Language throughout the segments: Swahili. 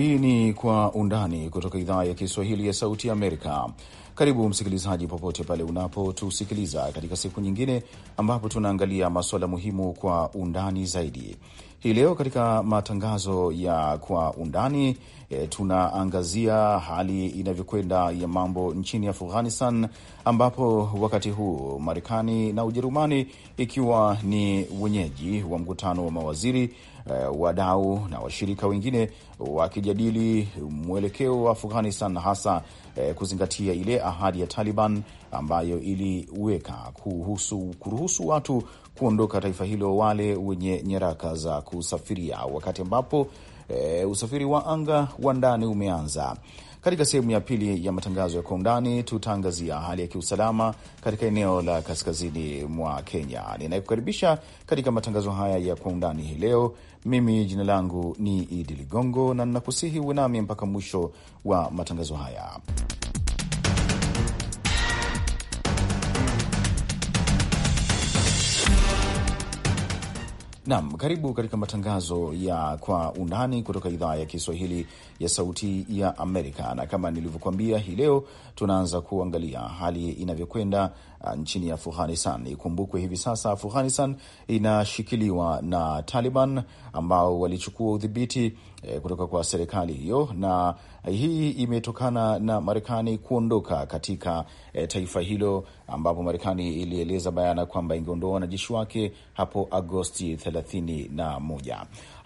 Hii ni Kwa Undani kutoka idhaa ya Kiswahili ya Sauti ya Amerika. Karibu msikilizaji, popote pale unapotusikiliza katika siku nyingine ambapo tunaangalia masuala muhimu kwa undani zaidi. Hii leo katika matangazo ya Kwa Undani e, tunaangazia hali inavyokwenda ya mambo nchini Afghanistan, ambapo wakati huu Marekani na Ujerumani ikiwa ni wenyeji wa mkutano wa mawaziri uh, wadau na washirika wengine wakijadili mwelekeo wa Afghanistan, hasa uh, kuzingatia ile ahadi ya Taliban ambayo iliweka kuhusu kuruhusu watu kuondoka taifa hilo wale wenye nyaraka za kusafiria, wakati ambapo uh, usafiri wa anga wa ndani umeanza. Katika sehemu ya pili ya matangazo ya kwa undani, tutaangazia hali ya kiusalama katika eneo la kaskazini mwa Kenya. Ninayekukaribisha katika matangazo haya ya kwa undani hii leo, mimi jina langu ni Idi Ligongo, na ninakusihi uwe nami mpaka mwisho wa matangazo haya. Naam, karibu katika matangazo ya Kwa Undani kutoka idhaa ya Kiswahili ya Sauti ya Amerika, na kama nilivyokuambia, hii leo tunaanza kuangalia hali inavyokwenda uh, nchini Afghanistan. Ikumbukwe hivi sasa Afghanistan inashikiliwa na Taliban ambao walichukua udhibiti eh, kutoka kwa serikali hiyo na hii imetokana na Marekani kuondoka katika e, taifa hilo ambapo Marekani ilieleza bayana kwamba ingeondoa wanajeshi wake hapo Agosti 31.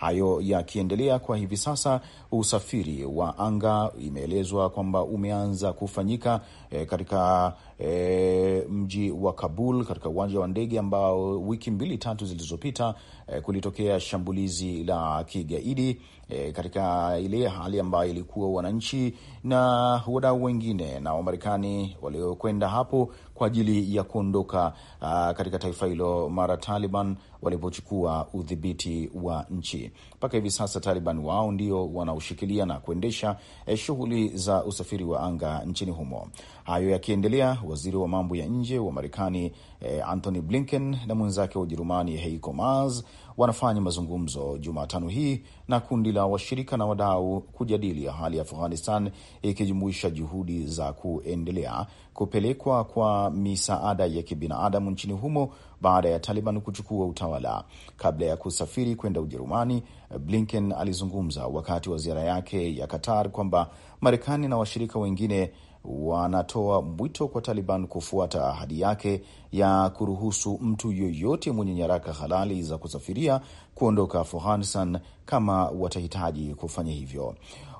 Hayo yakiendelea kwa hivi sasa, usafiri wa anga imeelezwa kwamba umeanza kufanyika e, katika e, mji wa Kabul katika uwanja wa ndege ambao wiki mbili tatu zilizopita e, kulitokea shambulizi la kigaidi e, katika ile hali ambayo ilikuwa wananchi na wadau wengine na Wamarekani waliokwenda hapo kwa ajili ya kuondoka uh, katika taifa hilo mara Taliban walipochukua udhibiti wa nchi. Mpaka hivi sasa Taliban wao ndio wanaoshikilia na kuendesha eh, shughuli za usafiri wa anga nchini humo. Hayo yakiendelea, waziri wa mambo ya nje wa Marekani eh, Antony Blinken na mwenzake wa Ujerumani Heiko Maas wanafanya mazungumzo Jumatano hii na kundi la washirika na wadau kujadili hali ya Afghanistan, ikijumuisha juhudi za kuendelea kupelekwa kwa misaada ya kibinadamu nchini humo baada ya Taliban kuchukua utawala. Kabla ya kusafiri kwenda Ujerumani, Blinken alizungumza wakati wa ziara yake ya Qatar kwamba Marekani na washirika wengine wanatoa mwito kwa Taliban kufuata ahadi yake ya kuruhusu mtu yoyote mwenye nyaraka halali za kusafiria kuondoka Afghanistan kama watahitaji kufanya hivyo.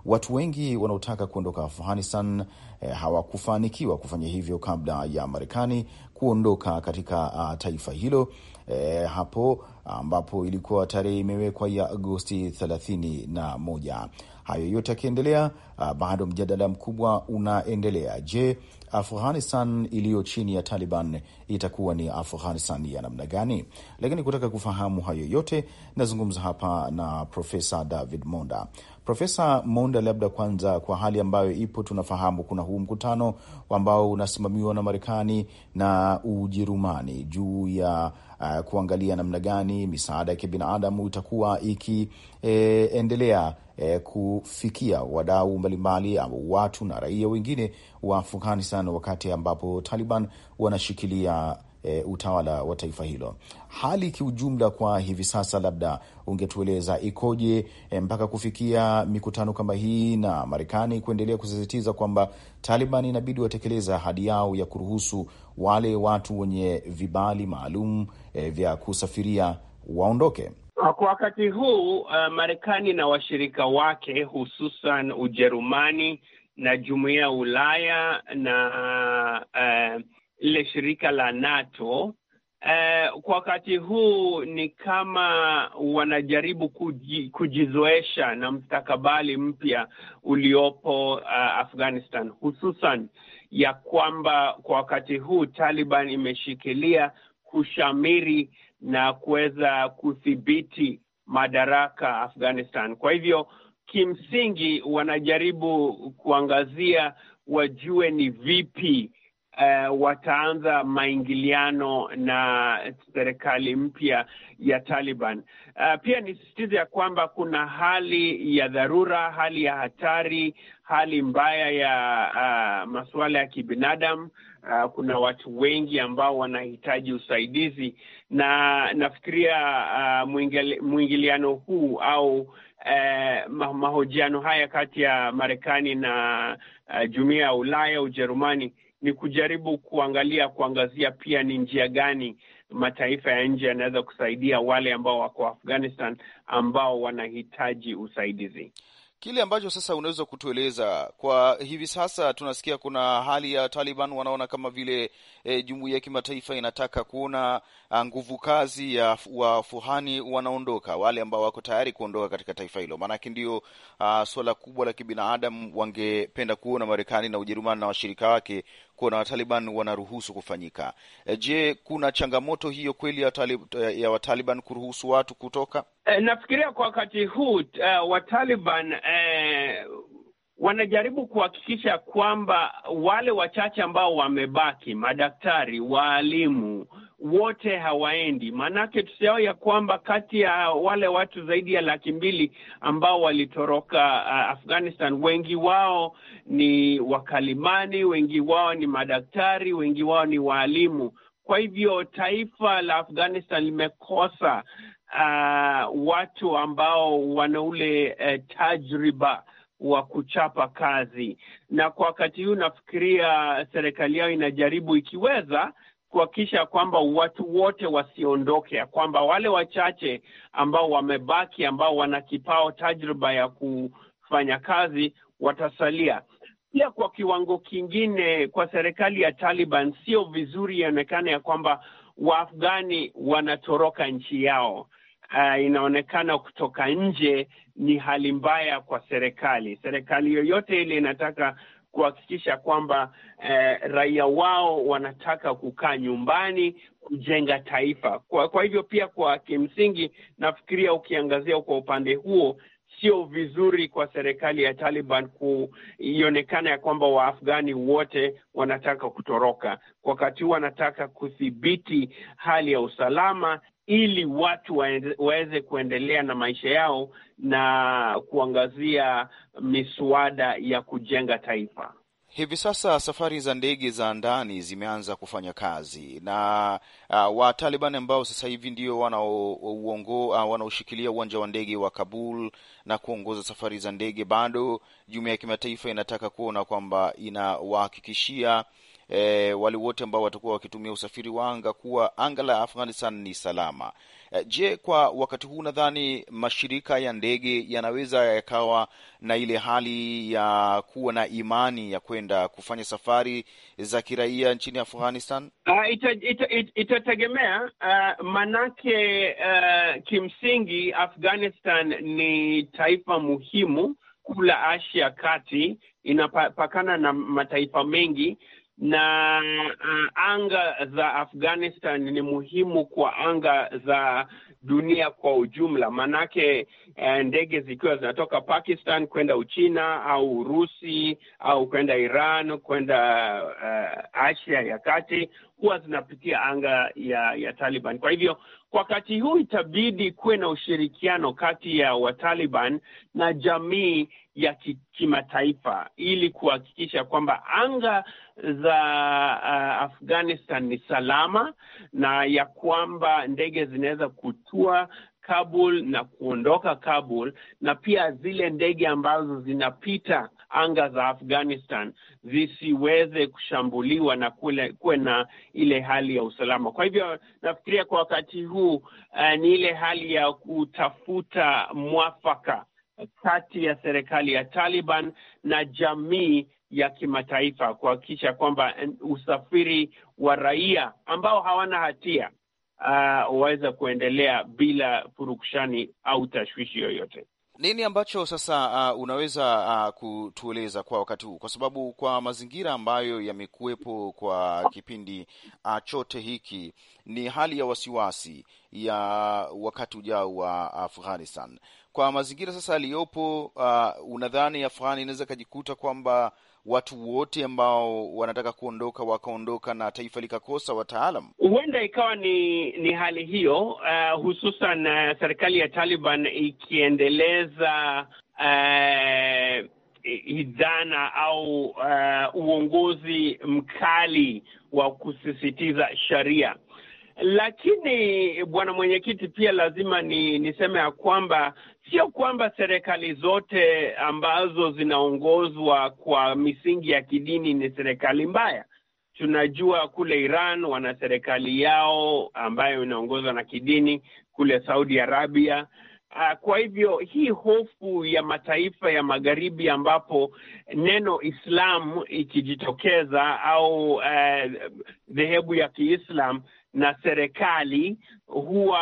Watu wengi wanaotaka kuondoka Afghanistan eh, hawakufanikiwa kufanya hivyo kabla ya Marekani kuondoka katika uh, taifa hilo eh, hapo ambapo ilikuwa tarehe imewekwa ya Agosti thelathini na moja. Hayo yote yakiendelea, ah, bado mjadala mkubwa unaendelea. Je, Afghanistan iliyo chini ya Taliban itakuwa ni Afghanistan ya namna gani? Lakini kutaka kufahamu hayo yote, nazungumza hapa na Profesa David Monda. Profesa Monda, labda kwanza, kwa hali ambayo ipo, tunafahamu kuna huu mkutano ambao unasimamiwa na Marekani na Ujerumani juu ya uh, kuangalia namna gani misaada ya kibinadamu itakuwa ikiendelea e, e, kufikia wadau mbalimbali au watu na raia wengine wa Afghanistan wakati ambapo Taliban wanashikilia e, utawala wa taifa hilo. Hali kiujumla kwa hivi sasa, labda ungetueleza ikoje e, mpaka kufikia mikutano kama hii na Marekani kuendelea kusisitiza kwamba Taliban inabidi watekeleza ahadi yao ya kuruhusu wale watu wenye vibali maalum e, vya kusafiria waondoke. Kwa wakati huu uh, Marekani na washirika wake hususan Ujerumani na jumuiya ya Ulaya na uh, lile shirika la NATO eh, kwa wakati huu ni kama wanajaribu kuji, kujizoesha na mstakabali mpya uliopo uh, Afghanistan, hususan ya kwamba kwa wakati huu Taliban imeshikilia kushamiri na kuweza kudhibiti madaraka Afghanistan. Kwa hivyo kimsingi wanajaribu kuangazia wajue ni vipi uh, wataanza maingiliano na serikali mpya ya Taliban. Uh, pia nisisitize ya kwamba kuna hali ya dharura, hali ya hatari, hali mbaya ya uh, masuala ya kibinadamu. Uh, kuna watu wengi ambao wanahitaji usaidizi na nafikiria uh, mwingiliano huu au Eh, mahojiano haya kati ya Marekani na uh, jumuiya ya Ulaya, Ujerumani ni kujaribu kuangalia kuangazia pia ni njia gani mataifa ya nje yanaweza kusaidia wale ambao wako Afghanistan ambao wanahitaji usaidizi. Kile ambacho sasa unaweza kutueleza kwa hivi sasa, tunasikia kuna hali ya Taliban wanaona kama vile e, jumuiya ya kimataifa inataka kuona ah, nguvu kazi ya wafuhani wanaondoka, wale ambao wako tayari kuondoka katika taifa hilo, maanake ndio ah, suala kubwa la kibinadamu. Wangependa kuona Marekani na Ujerumani na washirika wake kuona Wataliban wanaruhusu kufanyika. E, je, kuna changamoto hiyo kweli ya Wataliban kuruhusu watu kutoka? E, nafikiria kwa wakati huu uh, eh, Wataliban eh, wanajaribu kuhakikisha kwamba wale wachache ambao wamebaki, madaktari, waalimu wote hawaendi. Maanake tusiao ya kwamba kati ya wale watu zaidi ya laki mbili ambao walitoroka eh, Afghanistan, wengi wao ni wakalimani, wengi wao ni madaktari, wengi wao ni waalimu. Kwa hivyo taifa la Afghanistan limekosa uh, watu ambao wana ule uh, tajriba wa kuchapa kazi, na kwa wakati huu nafikiria serikali yao inajaribu ikiweza kuhakikisha kwamba watu wote wasiondoke, ya kwamba wale wachache ambao wamebaki, ambao wana kipao tajriba ya kufanya kazi watasalia. Pia kwa kiwango kingine, kwa serikali ya Taliban sio vizuri ionekane ya, ya kwamba Waafghani wanatoroka nchi yao uh, inaonekana kutoka nje ni hali mbaya kwa serikali. Serikali yoyote ile inataka kuhakikisha kwamba eh, raia wao wanataka kukaa nyumbani kujenga taifa. Kwa, kwa hivyo pia kwa kimsingi nafikiria ukiangazia kwa upande huo sio vizuri kwa serikali ya Taliban kuionekana ya kwamba Waafghani wote wanataka kutoroka, wakati huu wanataka kudhibiti hali ya usalama ili watu waweze kuendelea na maisha yao na kuangazia miswada ya kujenga taifa. Hivi sasa safari za ndege za ndani zimeanza kufanya kazi na uh, Wataliban ambao sasa hivi ndio uh, wanaoshikilia uh, uwanja wa ndege wa Kabul na kuongoza safari za ndege, bado jumuiya ya kimataifa inataka kuona kwamba inawahakikishia e, wale wote ambao watakuwa wakitumia usafiri wa anga kuwa anga la Afghanistan ni salama. E, je, kwa wakati huu nadhani mashirika ya ndege yanaweza yakawa na ile hali ya kuwa na imani ya kwenda kufanya safari za kiraia nchini Afghanistan? Uh, ah, itategemea ita, ita uh, manake uh, kimsingi Afghanistan ni taifa muhimu kula Asia kati inapakana na mataifa mengi na uh, anga za Afghanistan ni muhimu kwa anga za dunia kwa ujumla, maanake uh, ndege zikiwa zinatoka Pakistan kwenda Uchina au Urusi au kwenda Iran kwenda uh, Asia ya Kati huwa zinapitia anga ya, ya Taliban. Kwa hivyo Wakati huu itabidi kuwe na ushirikiano kati ya Wataliban na jamii ya kimataifa ili kuhakikisha kwamba anga za uh, Afghanistan ni salama na ya kwamba ndege zinaweza kutua Kabul na kuondoka Kabul na pia zile ndege ambazo zinapita anga za Afghanistan zisiweze kushambuliwa na kuwe na ile hali ya usalama. Kwa hivyo nafikiria kwa wakati huu uh, ni ile hali ya kutafuta mwafaka kati ya serikali ya Taliban na jamii ya kimataifa kuhakikisha kwamba eh, usafiri wa raia ambao hawana hatia uh, ah, waweza kuendelea bila furukushani au tashwishi yoyote. Nini ambacho sasa uh, unaweza uh, kutueleza kwa wakati huu, kwa sababu kwa mazingira ambayo yamekuwepo kwa kipindi uh, chote hiki, ni hali ya wasiwasi ya wakati ujao wa Afghanistan. Kwa mazingira sasa yaliyopo, uh, unadhani Afghani inaweza ikajikuta kwamba watu wote ambao wanataka kuondoka wakaondoka na taifa likakosa wataalam? Huenda ikawa ni ni hali hiyo, uh, hususan uh, serikali ya Taliban ikiendeleza uh, idhana au uh, uongozi mkali wa kusisitiza sharia. Lakini bwana mwenyekiti, pia lazima ni niseme ya kwamba Sio kwamba serikali zote ambazo zinaongozwa kwa misingi ya kidini ni serikali mbaya. Tunajua kule Iran wana serikali yao ambayo inaongozwa na kidini, kule Saudi Arabia. Ah, kwa hivyo hii hofu ya mataifa ya magharibi ambapo neno Islam ikijitokeza au eh, dhehebu uh, ya Kiislam na serikali huwa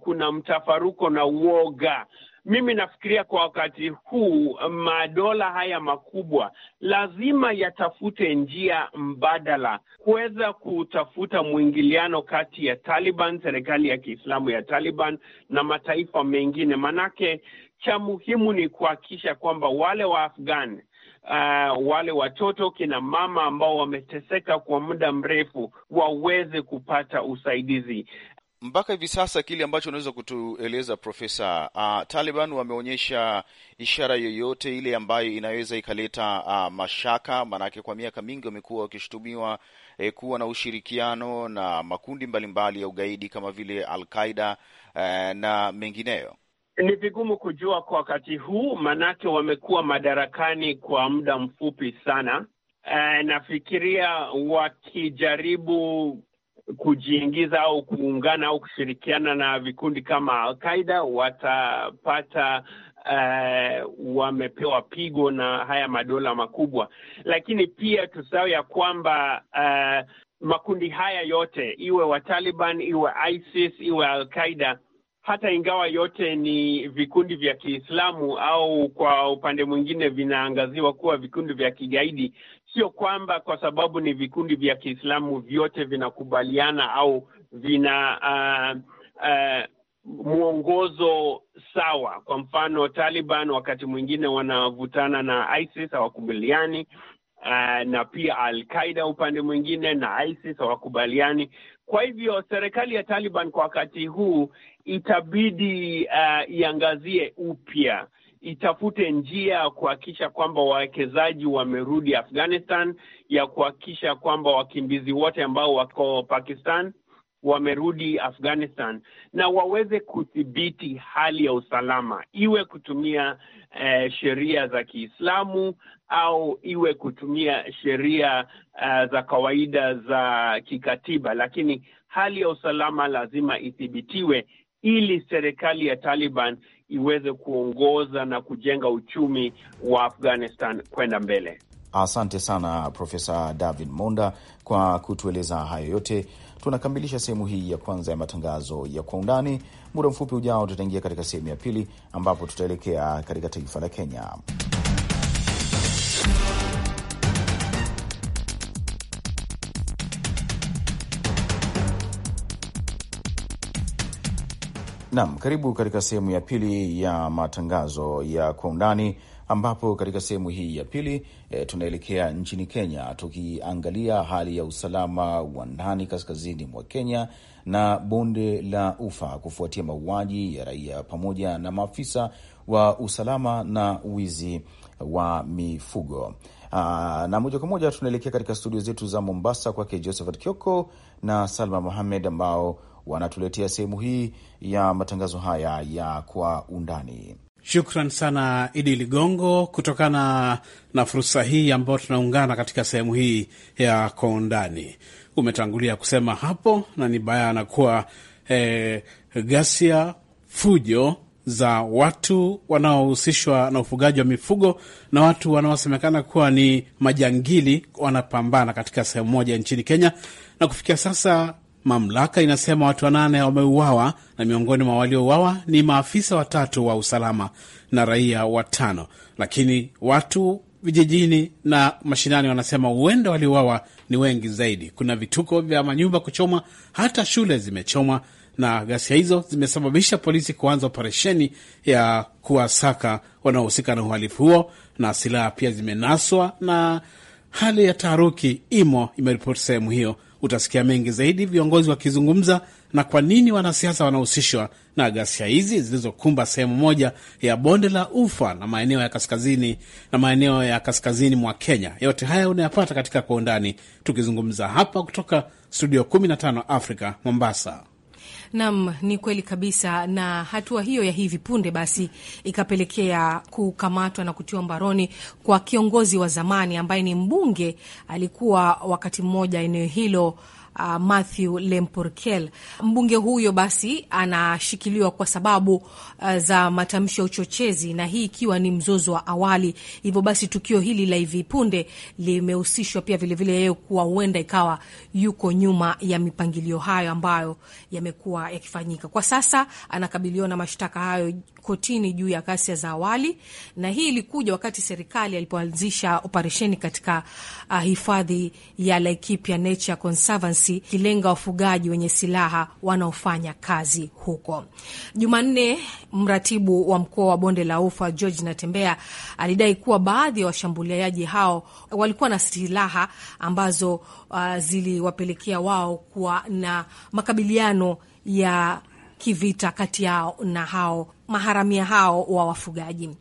kuna mtafaruko na uoga mimi nafikiria kwa wakati huu madola haya makubwa lazima yatafute njia mbadala kuweza kutafuta mwingiliano kati ya Taliban, serikali ya Kiislamu ya Taliban na mataifa mengine, manake cha muhimu ni kuhakikisha kwamba wale wa Afghan Uh, wale watoto kina mama ambao wameteseka kwa muda mrefu waweze kupata usaidizi mpaka hivi sasa kile ambacho unaweza kutueleza Profesa, uh, Taliban wameonyesha ishara yoyote ile ambayo inaweza ikaleta uh, mashaka? Maanake kwa miaka mingi wamekuwa wakishutumiwa eh, kuwa na ushirikiano na makundi mbalimbali mbali ya ugaidi kama vile Al-Qaida eh, na mengineyo. Ni vigumu kujua kwa wakati huu, maanake wamekuwa madarakani kwa muda mfupi sana. Uh, nafikiria wakijaribu kujiingiza au kuungana au kushirikiana na vikundi kama alqaida watapata Uh, wamepewa pigo na haya madola makubwa, lakini pia tusahau ya kwamba uh, makundi haya yote iwe Wataliban iwe ISIS iwe Al-Qaida, hata ingawa yote ni vikundi vya Kiislamu au kwa upande mwingine vinaangaziwa kuwa vikundi vya kigaidi, sio kwamba kwa sababu ni vikundi vya Kiislamu vyote vinakubaliana au vina uh, uh, mwongozo sawa. Kwa mfano, Taliban wakati mwingine wanavutana na ISIS hawakubaliani, uh, na pia al Qaida upande mwingine na ISIS hawakubaliani. Kwa hivyo serikali ya Taliban kwa wakati huu itabidi uh, iangazie upya itafute njia ya kuhakikisha kwamba wawekezaji wamerudi Afghanistan, ya kuhakikisha kwamba wakimbizi wote ambao wako Pakistan wamerudi Afghanistan na waweze kudhibiti hali ya usalama, iwe kutumia eh, sheria za Kiislamu au iwe kutumia sheria eh, za kawaida za kikatiba, lakini hali ya usalama lazima ithibitiwe ili serikali ya Taliban iweze kuongoza na kujenga uchumi wa Afghanistan kwenda mbele. Asante sana Profesa David Monda kwa kutueleza hayo yote. Tunakamilisha sehemu hii ya kwanza ya matangazo ya kwa undani. Muda mfupi ujao, tutaingia katika sehemu ya pili ambapo tutaelekea katika taifa la Kenya. Naam, karibu katika sehemu ya pili ya matangazo ya kwa undani, ambapo katika sehemu hii ya pili e, tunaelekea nchini Kenya tukiangalia hali ya usalama wa ndani kaskazini mwa Kenya na bonde la Ufa kufuatia mauaji ya raia pamoja na maafisa wa usalama na wizi wa mifugo. Aa, ah, na moja kwa moja tunaelekea katika studio zetu za Mombasa kwake Josephat Kioko na Salma Mohamed ambao wanatuletea sehemu hii ya matangazo haya ya kwa undani. Shukran sana Idi Ligongo, kutokana na fursa hii ambayo tunaungana katika sehemu hii ya kwa undani. Umetangulia kusema hapo, na ni bayana kuwa eh, ghasia, fujo za watu wanaohusishwa na ufugaji wa mifugo na watu wanaosemekana kuwa ni majangili wanapambana katika sehemu moja nchini Kenya, na kufikia sasa Mamlaka inasema watu wanane wameuawa na miongoni mwa waliouawa ni maafisa watatu wa usalama na raia watano, lakini watu vijijini na mashinani wanasema huenda waliuawa ni wengi zaidi. Kuna vituko vya manyumba kuchomwa, hata shule zimechomwa, na ghasia hizo zimesababisha polisi kuanza operesheni ya kuwasaka wanaohusika na uhalifu huo, na silaha pia zimenaswa na hali ya taharuki imo, imeripoti sehemu hiyo Utasikia mengi zaidi viongozi wakizungumza na kwa nini wanasiasa wanahusishwa na ghasia hizi zilizokumba sehemu moja ya bonde la Ufa na maeneo ya kaskazini na maeneo ya kaskazini mwa Kenya. Yote haya unayapata katika Kwa Undani, tukizungumza hapa kutoka studio 15 Africa, Mombasa. Naam, ni kweli kabisa, na hatua hiyo ya hivi punde basi ikapelekea kukamatwa na kutiwa mbaroni kwa kiongozi wa zamani ambaye ni mbunge, alikuwa wakati mmoja eneo hilo uh, Matthew Lemporkel. Mbunge huyo basi anashikiliwa kwa sababu uh, za matamshi ya uchochezi, na hii ikiwa ni mzozo wa awali. Hivyo basi tukio hili la hivi punde limehusishwa pia vilevile yeye kuwa huenda ikawa yuko nyuma ya mipangilio hayo ambayo yamekuwa yakifanyika. Kwa sasa anakabiliwa na mashtaka hayo kotini juu ya ghasia za awali, na hii ilikuja wakati serikali alipoanzisha operesheni katika uh, hifadhi ya Laikipia Nature Conservancy kilenga wafugaji wenye silaha wanaofanya kazi huko. Jumanne, mratibu wa mkoa wa bonde la ufa George Natembea alidai kuwa baadhi ya wa washambuliaji hao walikuwa na silaha ambazo uh, ziliwapelekea wao kuwa na makabiliano ya kivita kati yao na hao maharamia hao wa wafugaji.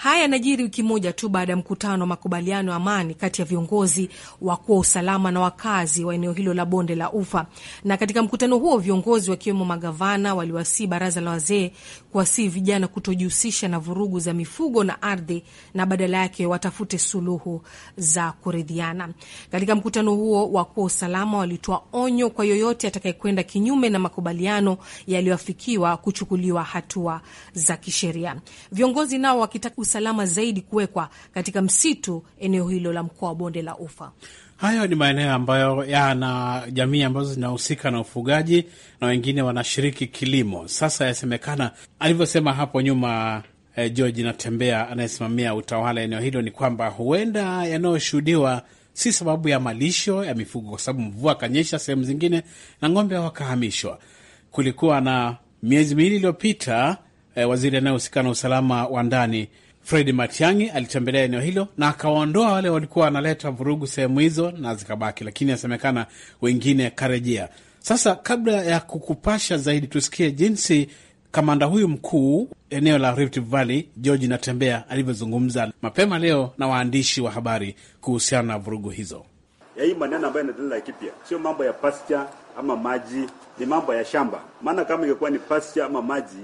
Haya yanajiri wiki moja tu baada ya mkutano wa makubaliano ya amani kati ya viongozi wakuu wa usalama na wakazi wa eneo hilo la bonde la Ufa. Na katika mkutano huo viongozi wakiwemo magavana waliwasii baraza la wazee kuwasii vijana kutojihusisha na vurugu za mifugo na ardhi, na badala yake watafute suluhu za kuridhiana. Katika mkutano huo wakuu wa usalama walitoa onyo kwa yoyote atakayekwenda kinyume na makubaliano yaliyoafikiwa kuchukuliwa hatua za kisheria. Viongozi nao wakitaka usalama zaidi kuwekwa katika msitu eneo hilo la mkoa wa bonde la ufa. Hayo ni maeneo ambayo yana jamii ambazo zinahusika na ufugaji na wengine wanashiriki kilimo. Sasa yasemekana, alivyosema hapo nyuma eh, George Natembea anayesimamia utawala eneo hilo, ni kwamba huenda yanayoshuhudiwa si sababu ya malisho ya mifugo, kwa sababu mvua akanyesha sehemu zingine na ng'ombe wakahamishwa. Kulikuwa na miezi miwili iliyopita, eh, waziri anayehusika na usalama wa ndani Fredi Matiang'i alitembelea eneo hilo na akawaondoa wale walikuwa wanaleta vurugu sehemu hizo na zikabaki, lakini inasemekana wengine karejea. Sasa, kabla ya kukupasha zaidi, tusikie jinsi kamanda huyu mkuu eneo la Rift Valley George Natembea alivyozungumza mapema leo na waandishi wa habari kuhusiana na vurugu hizo. Ya hii maneno ambayo inatendela kipya, sio mambo ya pasture ama maji, ni mambo ya shamba. Maana kama ingekuwa ni pasture ama maji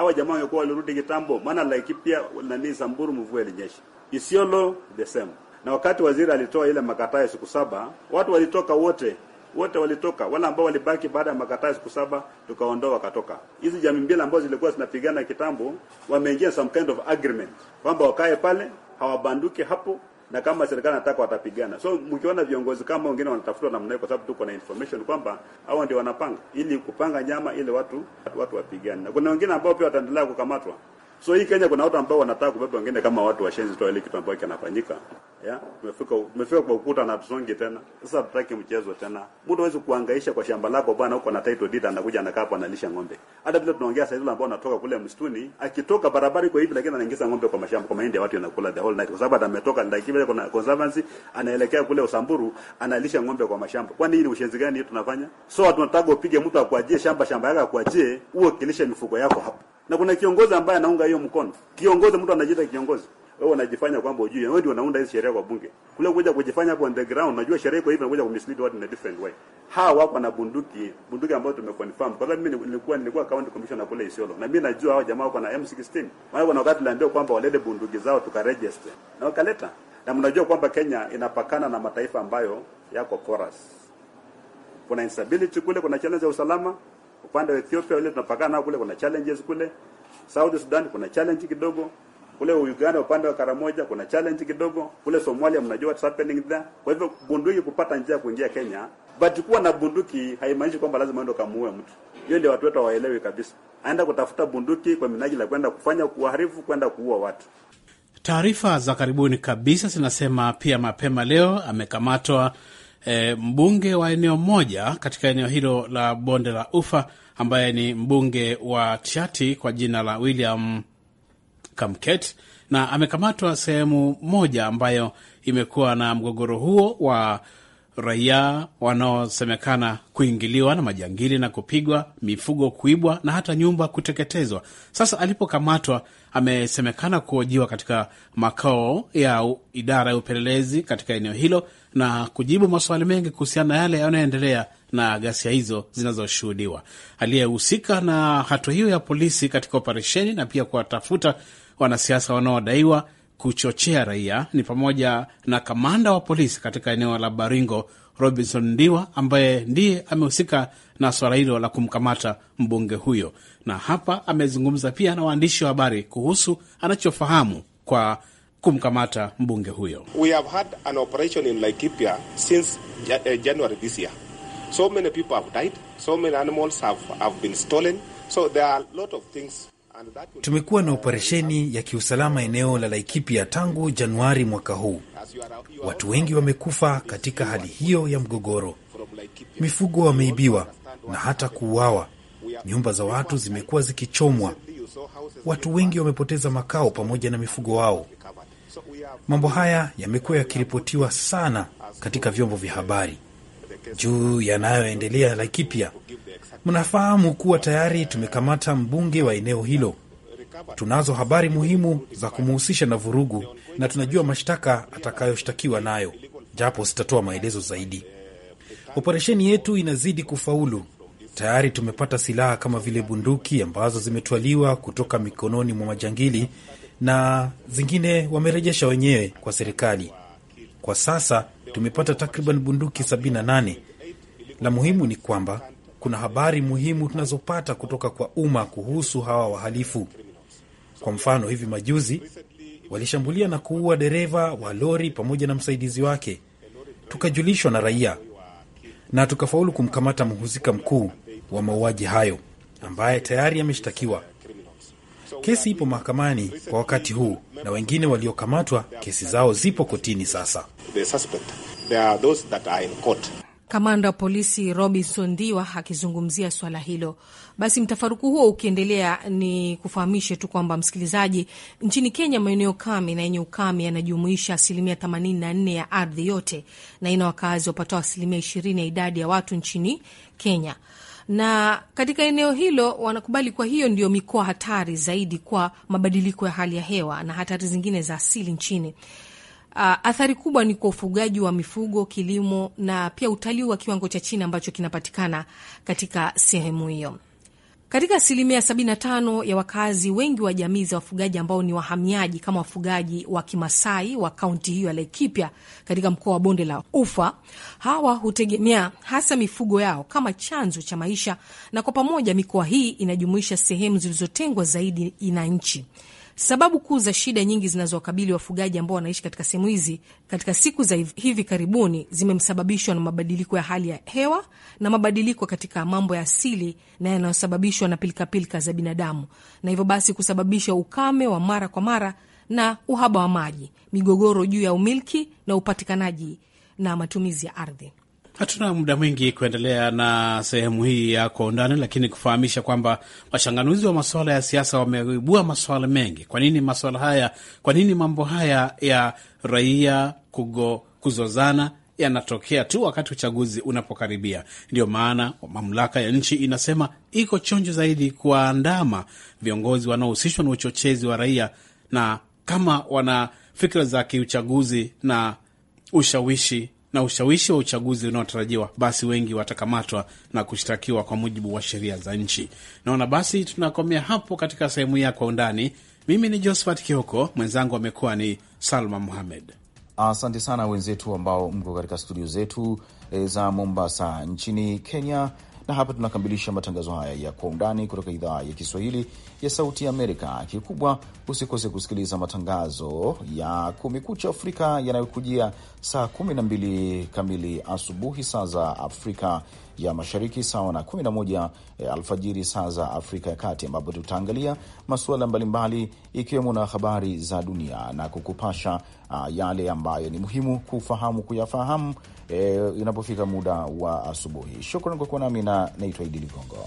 hawa jamaa walikuwa walirudi kitambo, maana Laikipia nani Samburu mvua ilinyesha. Isiolo the same. Na wakati waziri alitoa ile makataa ya siku saba, watu walitoka wote wote walitoka, wale ambao walibaki baada ya makataa siku saba tukaondoa, wakatoka. Hizi jamii mbili ambazo zilikuwa zinapigana kitambo wameingia some kind of agreement kwamba wakae pale, hawabanduki hapo na kama serikali nataka watapigana. So mkiona viongozi kama wengine wanatafutwa namna hiyo, kwa sababu tuko na information kwamba hao ndio wanapanga ili kupanga nyama ili watu watu wapigane, na kuna wengine ambao pia wataendelea kukamatwa. So hii Kenya kuna watu ambao wanataka kubeba wengine kama watu washenzi tu, ile kitu ambacho kinafanyika. Yeah, tumefika tumefika kwa ukuta na tusonge tena. Sasa tutaki mchezo tena. Mtu hawezi kuhangaisha kwa shamba lako bwana, huko na title deed anakuja anakaa hapo analisha ng'ombe. Hata vile tunaongea sasa, yule ambao anatoka kule msituni, akitoka barabara iko hivi, lakini anaingiza ng'ombe kwa mashamba kwa mahindi, watu yanakula the whole night, kwa sababu ametoka ndio kile, kuna conservancy, anaelekea kule Usamburu, analisha ng'ombe kwa mashamba. Kwani hii ni ushenzi gani tunafanya? So tunataka upige mtu akuachie shamba shamba yake akuachie, uwe kilisha mifugo yako hapo na kuna kiongozi ambaye anaunga hiyo mkono. Kiongozi, mtu anajiita kiongozi, wewe unajifanya kwamba hujui, wewe ndio unaunda hii sheria kwa bunge kule, kuja kujifanya hapo on the ground, unajua sheria iko hivi, unakuja kumislead watu in a different way. Hawa wako na bunduki, bunduki ambayo tumeconfirm, kwa sababu mimi nilikuwa nilikuwa county commissioner kule Isiolo, na mimi najua hao jamaa wako na M16. Maana kuna wakati niliambiwa kwamba walete bunduki zao tukaregister, na wakaleta. Na mnajua kwamba Kenya inapakana na mataifa ambayo yako chorus, kuna instability kule, kuna challenge ya usalama upande wa Ethiopia ile tunapakana kule, kuna challenges kule. South Sudan kuna challenge kidogo kule, Uganda upande wa Karamoja kuna challenge kidogo kule, Somalia mnajua what's happening there. Kwa hivyo bunduki kupata njia ya kuingia Kenya, but kuwa na bunduki haimaanishi kwamba lazima ndio kamuue mtu. Hiyo ndio watu wetu waelewe kabisa, aenda kutafuta bunduki kwa minajili ya kwenda kufanya kuharifu, kwenda kuua watu. Taarifa za karibuni kabisa zinasema pia mapema leo amekamatwa e, mbunge wa eneo moja katika eneo hilo la bonde la Ufa ambaye ni mbunge wa Chati kwa jina la William Kamket, na amekamatwa sehemu moja ambayo imekuwa na mgogoro huo wa raia wanaosemekana kuingiliwa na majangili na kupigwa, mifugo kuibwa na hata nyumba kuteketezwa. Sasa alipokamatwa, amesemekana kuhojiwa katika makao ya idara ya upelelezi katika eneo hilo na kujibu maswali mengi kuhusiana na yale yanayoendelea na ghasia hizo zinazoshuhudiwa. Aliyehusika na hatua hiyo ya polisi katika operesheni na pia kuwatafuta wanasiasa wanaodaiwa kuchochea raia ni pamoja na kamanda wa polisi katika eneo la Baringo Robinson Ndiwa ambaye ndiye amehusika na swala hilo la kumkamata mbunge huyo, na hapa amezungumza pia na waandishi wa habari kuhusu anachofahamu kwa kumkamata mbunge huyo. We have had an operation in Laikipia since eh, January this year. So many people have died. So many animals have, have been stolen. So there are a lot of things Tumekuwa na operesheni ya kiusalama eneo la Laikipia tangu Januari mwaka huu. Watu wengi wamekufa katika hali hiyo ya mgogoro, mifugo wameibiwa na hata kuuawa, nyumba za watu zimekuwa zikichomwa, watu wengi wamepoteza makao pamoja na mifugo wao. Mambo haya yamekuwa yakiripotiwa sana katika vyombo vya habari juu yanayoendelea Laikipia Mnafahamu kuwa tayari tumekamata mbunge wa eneo hilo. Tunazo habari muhimu za kumhusisha na vurugu na tunajua mashtaka atakayoshtakiwa nayo, japo sitatoa maelezo zaidi. Operesheni yetu inazidi kufaulu. Tayari tumepata silaha kama vile bunduki ambazo zimetwaliwa kutoka mikononi mwa majangili na zingine wamerejesha wenyewe kwa serikali. Kwa sasa tumepata takriban bunduki 78. La muhimu ni kwamba kuna habari muhimu tunazopata kutoka kwa umma kuhusu hawa wahalifu. Kwa mfano, hivi majuzi walishambulia na kuua dereva wa lori pamoja na msaidizi wake, tukajulishwa na raia na tukafaulu kumkamata mhusika mkuu wa mauaji hayo ambaye tayari ameshtakiwa. Kesi ipo mahakamani kwa wakati huu na wengine waliokamatwa kesi zao zipo kotini sasa. Kamanda wa polisi Robinson Ndiwa akizungumzia swala hilo. Basi mtafaruku huo ukiendelea, ni kufahamishe tu kwamba msikilizaji, nchini Kenya maeneo kame na yenye ukame yanajumuisha asilimia 84 ya ardhi yote na ina wakazi wapatao asilimia 20 ya idadi ya watu nchini Kenya, na katika eneo hilo wanakubali. Kwa hiyo ndio mikoa hatari zaidi kwa mabadiliko ya hali ya hewa na hatari zingine za asili nchini. Ah, athari kubwa ni kwa ufugaji wa mifugo, kilimo na pia utalii wa kiwango cha chini ambacho kinapatikana katika sehemu hiyo. Katika asilimia 75 ya wakazi wengi wa jamii za wafugaji ambao ni wahamiaji kama wafugaji wa Kimasai wa kaunti hiyo ya Laikipia katika mkoa wa bonde la Ufa, hawa hutegemea hasa mifugo yao kama chanzo cha maisha, na kwa pamoja mikoa hii inajumuisha sehemu zilizotengwa zaidi na nchi. Sababu kuu za shida nyingi zinazowakabili wafugaji ambao wanaishi katika sehemu hizi katika siku za hivi karibuni zimesababishwa na mabadiliko ya hali ya hewa na mabadiliko katika mambo ya asili na yanayosababishwa na pilikapilika za binadamu, na hivyo basi kusababisha ukame wa mara kwa mara na uhaba wa maji, migogoro juu ya umiliki na upatikanaji na matumizi ya ardhi. Hatuna muda mwingi kuendelea na sehemu hii ya kwa undani, lakini kufahamisha kwamba wachanganuzi wa masuala ya siasa wameibua masuala mengi. Kwa nini masuala haya, kwa nini mambo haya ya raia kugo, kuzozana yanatokea tu wakati uchaguzi unapokaribia. ndio maana mamlaka ya nchi inasema iko chonjo zaidi kuwaandama viongozi wanaohusishwa na uchochezi wa raia, na kama wana fikra za kiuchaguzi na ushawishi na ushawishi wa uchaguzi unaotarajiwa, basi wengi watakamatwa na kushtakiwa kwa mujibu wa sheria za nchi. Naona basi tunakomea hapo katika sehemu ya kwa undani. Mimi ni Josephat Kioko, mwenzangu amekuwa ni Salma Muhamed. Asante sana wenzetu ambao mko katika studio zetu eh, za Mombasa nchini Kenya. Na hapa tunakamilisha matangazo haya ya kwa undani kutoka idhaa ya Kiswahili ya Sauti Amerika. Kikubwa usikose kusikiliza matangazo ya Kumekucha Afrika yanayokujia saa 12 kamili asubuhi saa za Afrika ya Mashariki, sawa na 11 eh, alfajiri saa za Afrika ya Kati, ambapo tutaangalia masuala mbalimbali ikiwemo na habari za dunia na kukupasha a, ah, yale ambayo ni muhimu kufahamu kuyafahamu, e, inapofika muda wa asubuhi. Shukran kwa kuwa nami na naitwa Idi Ligongo.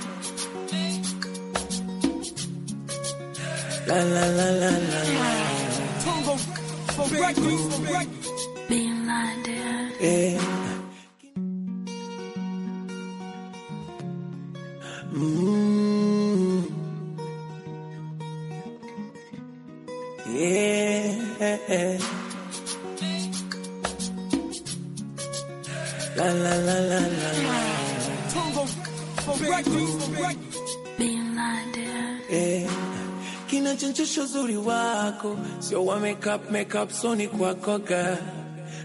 La la la la la la. Being lying down. Yeah. kuonyesha uzuri wako, sio wa makeup makeup, soni kwakoga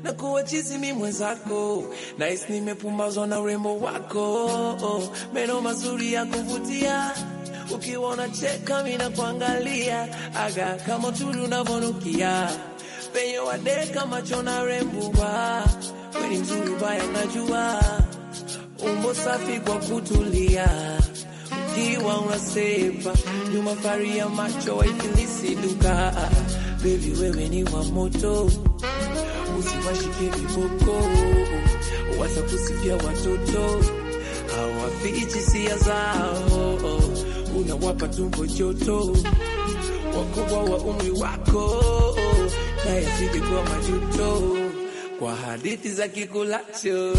na chizi mi mwenzako nais, nimepumbazwa na urembo wako, meno mazuri ya kuvutia, ukiwa unacheka mi kuangalia aga kama tuli unavonukia, penye wadeka macho na rembuwa, weni mzuri baya, najua umbo safi kwa kutulia ukiwa unasepa nyuma fari ya macho waikilisi duka bebi, wewe ni wa moto, usiwashike viboko, watakusifia watoto hawafichi sia zao, unawapa tumbo joto wakubwa wa umri wako, naye asije kuwa majuto kwa hadithi za kikulacho.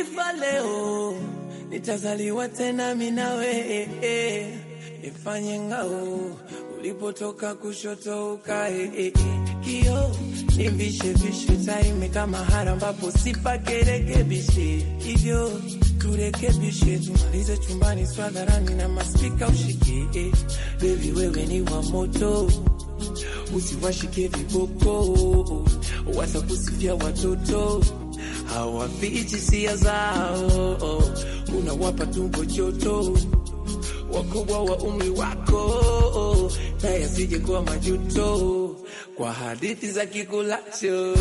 Nifa leo nitazaliwa tena minawe, Ifanye ngao ulipotoka kushoto ukae kio vishe taime kama hara ambapo sipakerekebishi hivyo turekebishe tumalize chumbani swadharani na maspika ushike Bebi wewe ni wa moto, usiwashike viboko, watakusifia watoto hawafichi sia zao, unawapa tumbo joto wakubwa wa umri wako, na yasije kuwa majuto kwa hadithi za kikulacho.